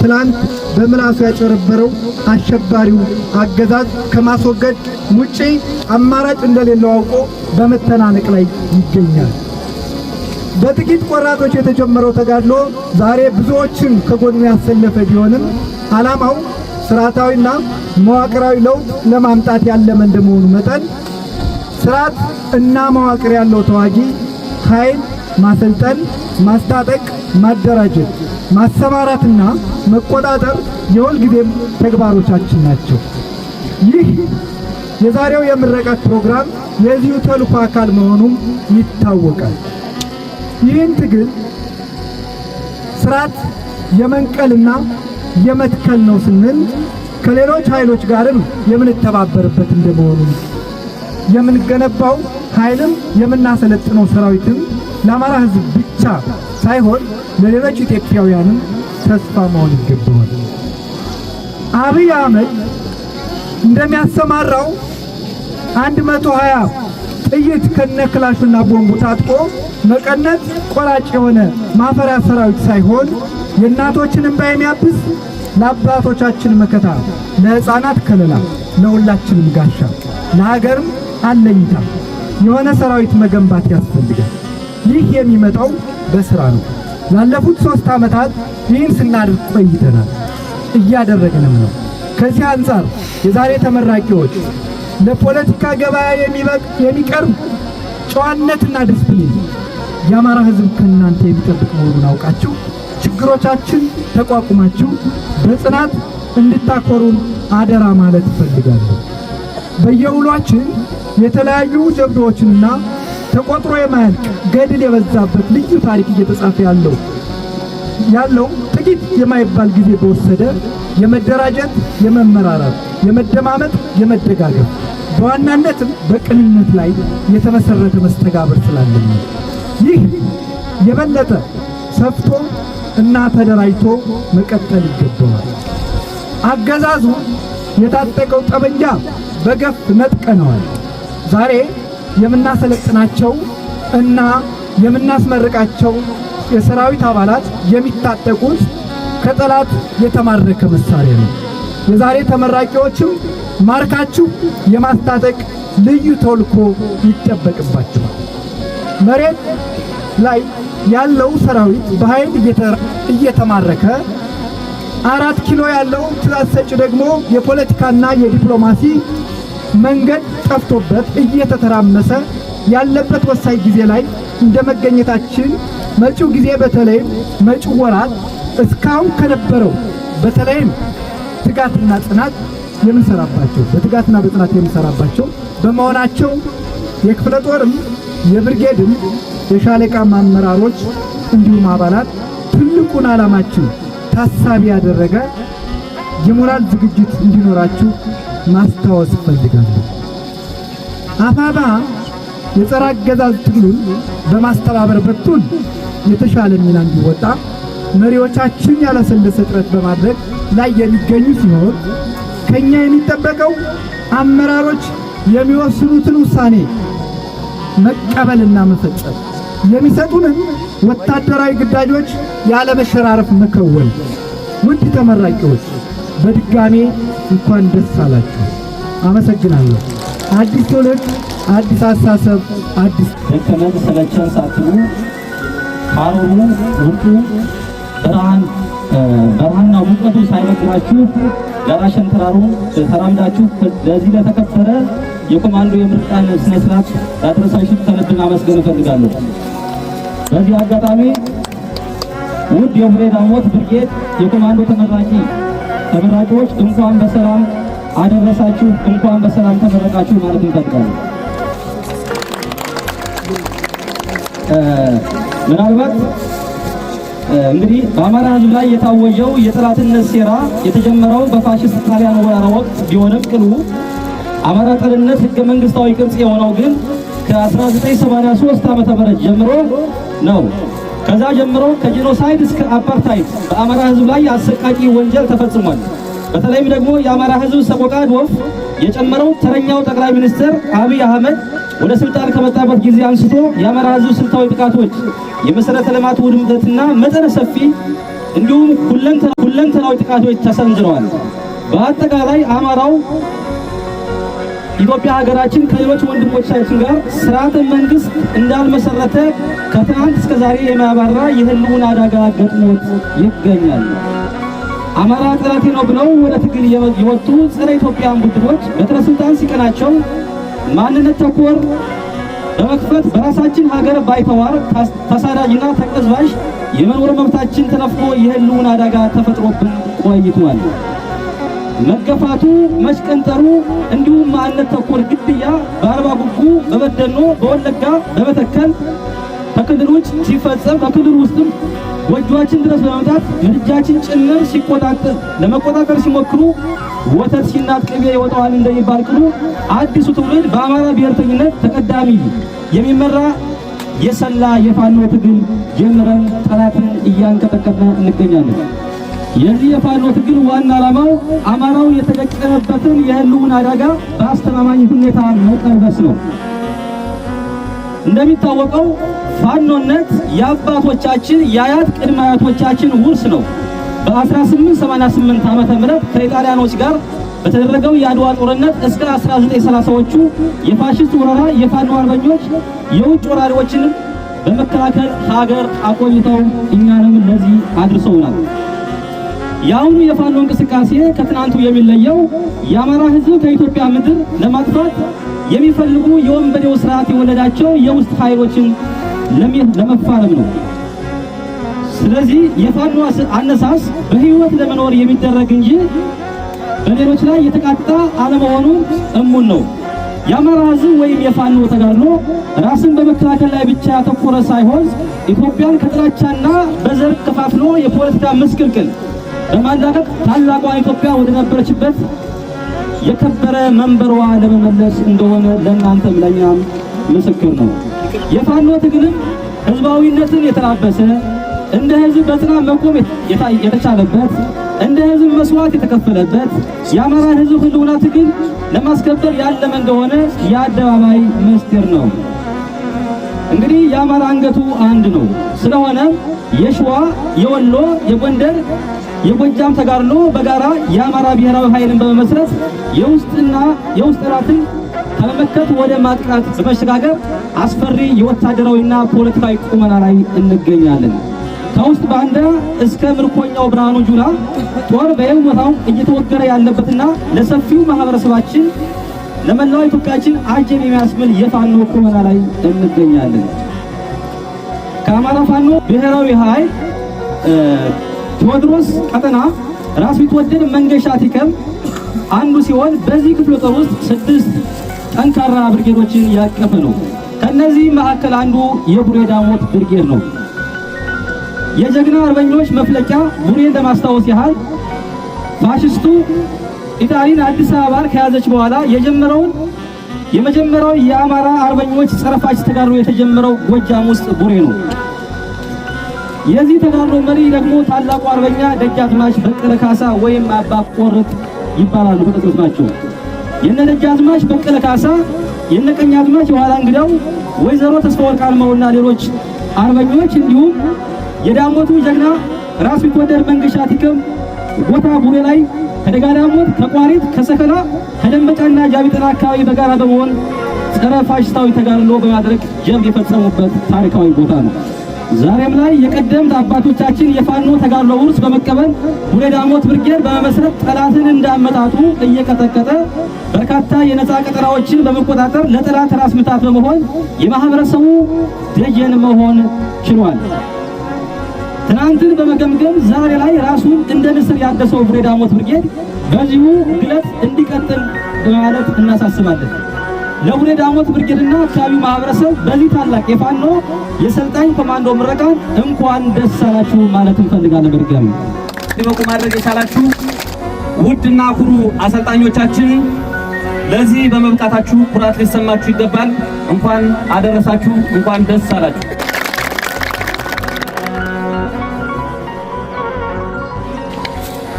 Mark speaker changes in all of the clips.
Speaker 1: ትናንት በምላሱ ያጨረበረው አሸባሪው አገዛዝ ከማስወገድ ውጪ አማራጭ እንደሌለው አውቆ በመተናነቅ ላይ ይገኛል። በጥቂት ቆራጦች የተጀመረው ተጋድሎ ዛሬ ብዙዎችን ከጎኑ ያሰለፈ ቢሆንም ዓላማው ስርዓታዊና መዋቅራዊ ለውጥ ለማምጣት ያለመ እንደመሆኑ መጠን ስርዓት እና መዋቅር ያለው ተዋጊ ኃይል ማሰልጠን፣ ማስታጠቅ፣ ማደራጀት ማሰማራትና መቆጣጠር የሁልጊዜም ተግባሮቻችን ናቸው። ይህ የዛሬው የምረቃት ፕሮግራም የዚሁ ተልዕኮ አካል መሆኑም ይታወቃል። ይህን ትግል ስርዓት የመንቀልና የመትከል ነው ስንል ከሌሎች ኃይሎች ጋርም የምንተባበርበት እንደመሆኑ የምንገነባው ኃይልም የምናሰለጥነው ሰራዊትም ለአማራ ሕዝብ ሳይሆን ለሌሎች ኢትዮጵያውያንም ተስፋ መሆን ይገባዋል። አብይ አህመድ እንደሚያሰማራው አንድ መቶ ጥይት ከነክላሹና ቦምቡ ታጥቆ መቀነት ቆራጭ የሆነ ማፈሪያ ሰራዊት ሳይሆን የእናቶችን እንባ የሚያብስ ለአባቶቻችን መከታ፣ ለሕፃናት ከለላ፣ ለሁላችንም ጋሻ፣ ለሀገርም አለኝታ የሆነ ሰራዊት መገንባት ያስፈልጋል። ይህ የሚመጣው በስራ ነው። ላለፉት ሶስት ዓመታት ይህን ስናደርግ ቆይተናል፣ እያደረግንም ነው። ከዚህ አንጻር የዛሬ ተመራቂዎች ለፖለቲካ ገበያ የሚቀርብ ጨዋነትና ዲስፕሊን የአማራ ሕዝብ ከእናንተ የሚጠብቅ መሆኑን አውቃችሁ ችግሮቻችን ተቋቁማችሁ በጽናት እንድታኮሩን አደራ ማለት እፈልጋለሁ። በየውሏችን የተለያዩ ጀብዶዎችንና ተቆጥሮ የማያልቅ ገድል የበዛበት ልዩ ታሪክ እየተጻፈ ያለው ያለው ጥቂት የማይባል ጊዜ በወሰደ የመደራጀት፣ የመመራራት፣ የመደማመጥ፣ የመደጋገፍ በዋናነትም በቅንነት ላይ የተመሰረተ መስተጋብር ስላለ ይህ የበለጠ ሰፍቶ እና ተደራጅቶ መቀጠል ይገባዋል። አገዛዙ የታጠቀው ጠመንጃ በገፍ ነጥቀነዋል። ዛሬ የምናሰለጥናቸው እና የምናስመርቃቸው የሰራዊት አባላት የሚታጠቁት ከጠላት የተማረከ መሳሪያ ነው። የዛሬ ተመራቂዎችም ማርካችሁ የማስታጠቅ ልዩ ተልዕኮ ይጠበቅባችኋል። መሬት ላይ ያለው ሰራዊት በኃይል እየተማረከ አራት ኪሎ ያለው ትእዛዝ ሰጪ ደግሞ የፖለቲካና የዲፕሎማሲ መንገድ ጠፍቶበት እየተተራመሰ ያለበት ወሳኝ ጊዜ ላይ እንደ መገኘታችን መጪው ጊዜ በተለይም መጪው ወራት እስካሁን ከነበረው በተለይም ትጋትና ጽናት የምንሰራባቸው በትጋትና በጽናት የምንሰራባቸው በመሆናቸው የክፍለ ጦርም የብርጌድም የሻለቃ አመራሮች እንዲሁም አባላት ትልቁን ዓላማችን ታሳቢ ያደረገ የሞራል ዝግጅት እንዲኖራችሁ ማስታወስ እፈልጋለሁ። አፋባ የጸረ አገዛዝ ትግሉን በማስተባበር በኩል የተሻለ ሚና እንዲወጣ መሪዎቻችን ያላሰለሰ ጥረት በማድረግ ላይ የሚገኙ ሲሆን ከኛ የሚጠበቀው አመራሮች የሚወስኑትን ውሳኔ መቀበልና መፈጸም፣ የሚሰጡንን ወታደራዊ ግዳጆች ያለመሸራረፍ መከወል። ውድ ተመራቂዎች በድጋሜ እንኳን ደስ አላችሁ። አመሰግናለሁ። አዲስ ትውልድ፣ አዲስ አሳሰብ፣ አዲስ ደከመን ሰለቸን ሳትሉ ሐሩሩ ውርጡ ብርሃን ብርሃንና ሙቀቱ ሳይመግራችሁ ጋራ ተራሩ ተራምዳችሁ ለዚህ ለተከበረ የኮማንዶ የምርቃን ስነ ስርዓት ላደረሳችሁ ከልብ እፈልጋለሁ። በዚህ አጋጣሚ ውድ የሁሬ ዳሞት ብርጌድ የኮማንዶ ተመራቂ ተመራቂዎች እንኳን በሰላም አደረሳችሁ፣ እንኳን በሰላም ተመረቃችሁ ማለት ይጠቅቃል። ምናልባት እንግዲህ በአማራ ሕዝብ ላይ የታወጀው የጠላትነት ሴራ የተጀመረው በፋሽስት ጣሊያን ወረራ ወቅት ቢሆንም ቅሉ አማራ ጠልነት ህገ መንግስታዊ ቅርጽ የሆነው ግን ከ1983 ም ጀምሮ ነው። ከዛ ጀምሮ ከጄኖሳይድ እስከ አፓርታይድ በአማራ ህዝብ ላይ አሰቃቂ ወንጀል ተፈጽሟል። በተለይም ደግሞ የአማራ ህዝብ ሰቆቃ ወፍ የጨመረው ተረኛው ጠቅላይ ሚኒስትር አብይ አህመድ ወደ ስልጣን ከመጣበት ጊዜ አንስቶ የአማራ ህዝብ ስልታዊ ጥቃቶች፣ የመሰረተ ልማት ውድመትና መጠነ ሰፊ እንዲሁም ሁለንተናዊ ጥቃቶች ተሰንዝረዋል። በአጠቃላይ አማራው ኢትዮጵያ ሀገራችን ከሌሎች ወንድሞቻችን ጋር ስርዓተ መንግስት እንዳልመሰረተ ከትናንት እስከ ዛሬ የሚያባራ የህልውና አደጋ ገጥሞት ይገኛል። አማራ ጠላቴ ነው ብለው ወደ ትግል የወጡ ጸረ ኢትዮጵያን ቡድኖች በትረ ስልጣን ሲቀናቸው ማንነት ተኮር በመክፈት በራሳችን ሀገር ባይተዋር ተሳዳጅና ተቀዝባዥ የመኖር መብታችን ተነፍቆ የህልውና አደጋ ተፈጥሮብን ቆይቷል። መገፋቱ መሽቀንጠሩ እንዲሁም ማንነት ተኮር ግድያ በአርባ ጉጉ፣ በበደኖ፣ በወለጋ፣ በመተከል ከክልሎች ሲፈጸም ከክልል ውስጥም ጎጆችን ድረስ በመምጣት ምድጃችን ጭምር ሲቆጣጠር ለመቆጣጠር ሲሞክሩ ወተት ሲናጥ ቅቤ ይወጣዋል እንደሚባል ቅሉ አዲሱ ትውልድ በአማራ ብሔርተኝነት ተቀዳሚ የሚመራ የሰላ የፋኖ ትግል ጀምረን ጠላትን እያንቀጠቀጥን እንገኛለን። የዚህ የፋኖ ትግል ዋና ዓላማው አማራው የተደቀነበትን የህልውን አደጋ በአስተማማኝ ሁኔታ መቀልበስ ነው። እንደሚታወቀው ፋኖነት የአባቶቻችን የአያት ቅድመ አያቶቻችን ውርስ ነው። በ1888 ዓመተ ምህረት ከኢጣሊያኖች ጋር በተደረገው የአድዋ ጦርነት እስከ 1930ዎቹ የፋሽስት ወረራ የፋኖ አርበኞች የውጭ ወራሪዎችን በመከላከል ሀገር አቆይተው እኛንም ለዚህ አድርሰውናል። የአሁኑ የፋኖ እንቅስቃሴ ከትናንቱ የሚለየው የአማራ ህዝብ ከኢትዮጵያ ምድር ለማጥፋት የሚፈልጉ የወንበዴው ስርዓት የወለዳቸው የውስጥ ኃይሎችን ለመፋለም ነው። ስለዚህ የፋኖ አነሳስ በህይወት ለመኖር የሚደረግ እንጂ በሌሎች ላይ የተቃጣ አለመሆኑ እሙን ነው። የአማራ ህዝብ ወይም የፋኖ ተጋድሎ ራስን በመከላከል ላይ ብቻ ያተኮረ ሳይሆን ኢትዮጵያን ከጥላቻና በዘር ከፋፍሎ የፖለቲካ ምስቅልቅል በማላቀቅ ታላቋን ኢትዮጵያ ወደ ነበረችበት የከበረ መንበሯ ለመመለስ እንደሆነ ለእናንተም ለእኛም ምስክር ነው። የፋኖ ትግልም ህዝባዊነትን የተላበሰ እንደ ህዝብ በጽናት መቆም የተቻለበት እንደ ህዝብ መስዋዕት የተከፈለበት የአማራ ህዝብ ህልውና ትግል ለማስከበር ያለመ እንደሆነ የአደባባይ ምስጢር ነው። እንግዲህ የአማራ አንገቱ አንድ ነው ስለሆነ የሸዋ፣ የወሎ፣ የጎንደር፣ የጎጃም ተጋድሎ በጋራ የአማራ ብሔራዊ ኃይልን በመመስረት የውስጥና የውስጥ ጠላትን ከመመከት ወደ ማጥቃት በመሸጋገር አስፈሪ የወታደራዊና ፖለቲካዊ ቁመና ላይ እንገኛለን። ከውስጥ ባንዳ እስከ ምርኮኛው ብርሃኑ ጁላ ጦር በየቦታው እየተወገረ ያለበትና ለሰፊው ማህበረሰባችን ለመላው ኢትዮጵያችን አጀብ የሚያስብል የፋኖ ቁመና ላይ እንገኛለን። ከአማራ ፋኖ ብሔራዊ ኃይል ቴዎድሮስ ቀጠና ራስ ቢትወደድ መንገሻ ቲከም አንዱ ሲሆን በዚህ ክፍለ ጦር ውስጥ ስድስት ጠንካራ ብርጌዶችን ያቀፈ ነው። ከነዚህ መካከል አንዱ የቡሬ ዳሞት ብርጌድ ነው። የጀግና አርበኞች መፍለቂያ ቡሬን ለማስታወስ ያህል ፋሽስቱ ኢጣሊን አዲስ አበባን ከያዘች በኋላ የጀመረውን የመጀመሪያው የአማራ አርበኞች ፀረ ተጋድሎ የተጀመረው ጎጃም ውስጥ ቡሬ ነው። የዚህ ተጋድሎ መሪ ደግሞ ታላቁ አርበኛ ደጃዝማች በቀለ ካሳ ወይም አባ ቆርጥ ይባላሉ። ተጠቅሶት ናቸው። የነ ደጃዝማች በቀለ ካሳ የነ ቀኛዝማች የኋላ እንግዳው ወይዘሮ ተስፋወርቅ አልማውና ሌሎች አርበኞች እንዲሁም የዳሞቱ ጀግና ራስ ቢትወደድ መንገሻ ቲክም ቦታ ቡሬ ላይ ከደጋዳሞት፣ ከቋሪት፣ ከሰከላ፣ ከደንበጫና ጃቢጠና አካባቢ በጋራ በመሆን ጸረ ፋሽስታዊ ተጋድሎ በማድረግ ጀብድ የፈጸሙበት ታሪካዊ ቦታ ነው። ዛሬም ላይ የቀደምት አባቶቻችን የፋኖ ተጋድሎ ውርስ በመቀበል ቡሬ ዳሞት ብርጌድ በመመስረት ጠላትን እንዳመጣጡ እየቀጠቀጠ በርካታ የነፃ ቀጠናዎችን በመቆጣጠር ለጠላት ራስ ምታት በመሆን የማህበረሰቡ ደጀን መሆን ችሏል። ትናንትን በመገምገም ዛሬ ላይ ራሱን እንደ ንስር ያደሰው ፍሬ ብርጌድ በዚሁ ግለት እንዲቀጥል በማለት እናሳስባለን። ለፍሬ ዳሞት ብርጌድና አካባቢው ማህበረሰብ በዚህ ታላቅ የፋኖ የሰልጣኝ ኮማንዶ ምረቃን እንኳን ደስ አላችሁ ማለት እንፈልጋለን። ብርጌም ሊበቁ ማድረግ የቻላችሁ ውድና ኩሩ አሰልጣኞቻችን ለዚህ በመብቃታችሁ ኩራት ሊሰማችሁ ይገባል። እንኳን አደረሳችሁ፣ እንኳን ደስ አላችሁ።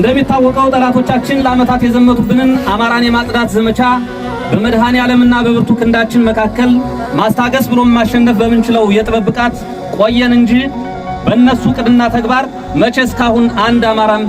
Speaker 1: እንደሚታወቀው ጠላቶቻችን ለዓመታት የዘመቱብንን አማራን የማጽዳት ዘመቻ በመድኃኔ ዓለምና በብርቱ ክንዳችን መካከል ማስታገስ ብሎም ማሸነፍ በምንችለው የጥበብ ብቃት ቆየን እንጂ በእነሱ ቅድና ተግባር መቼ እስካሁን አንድ አማራም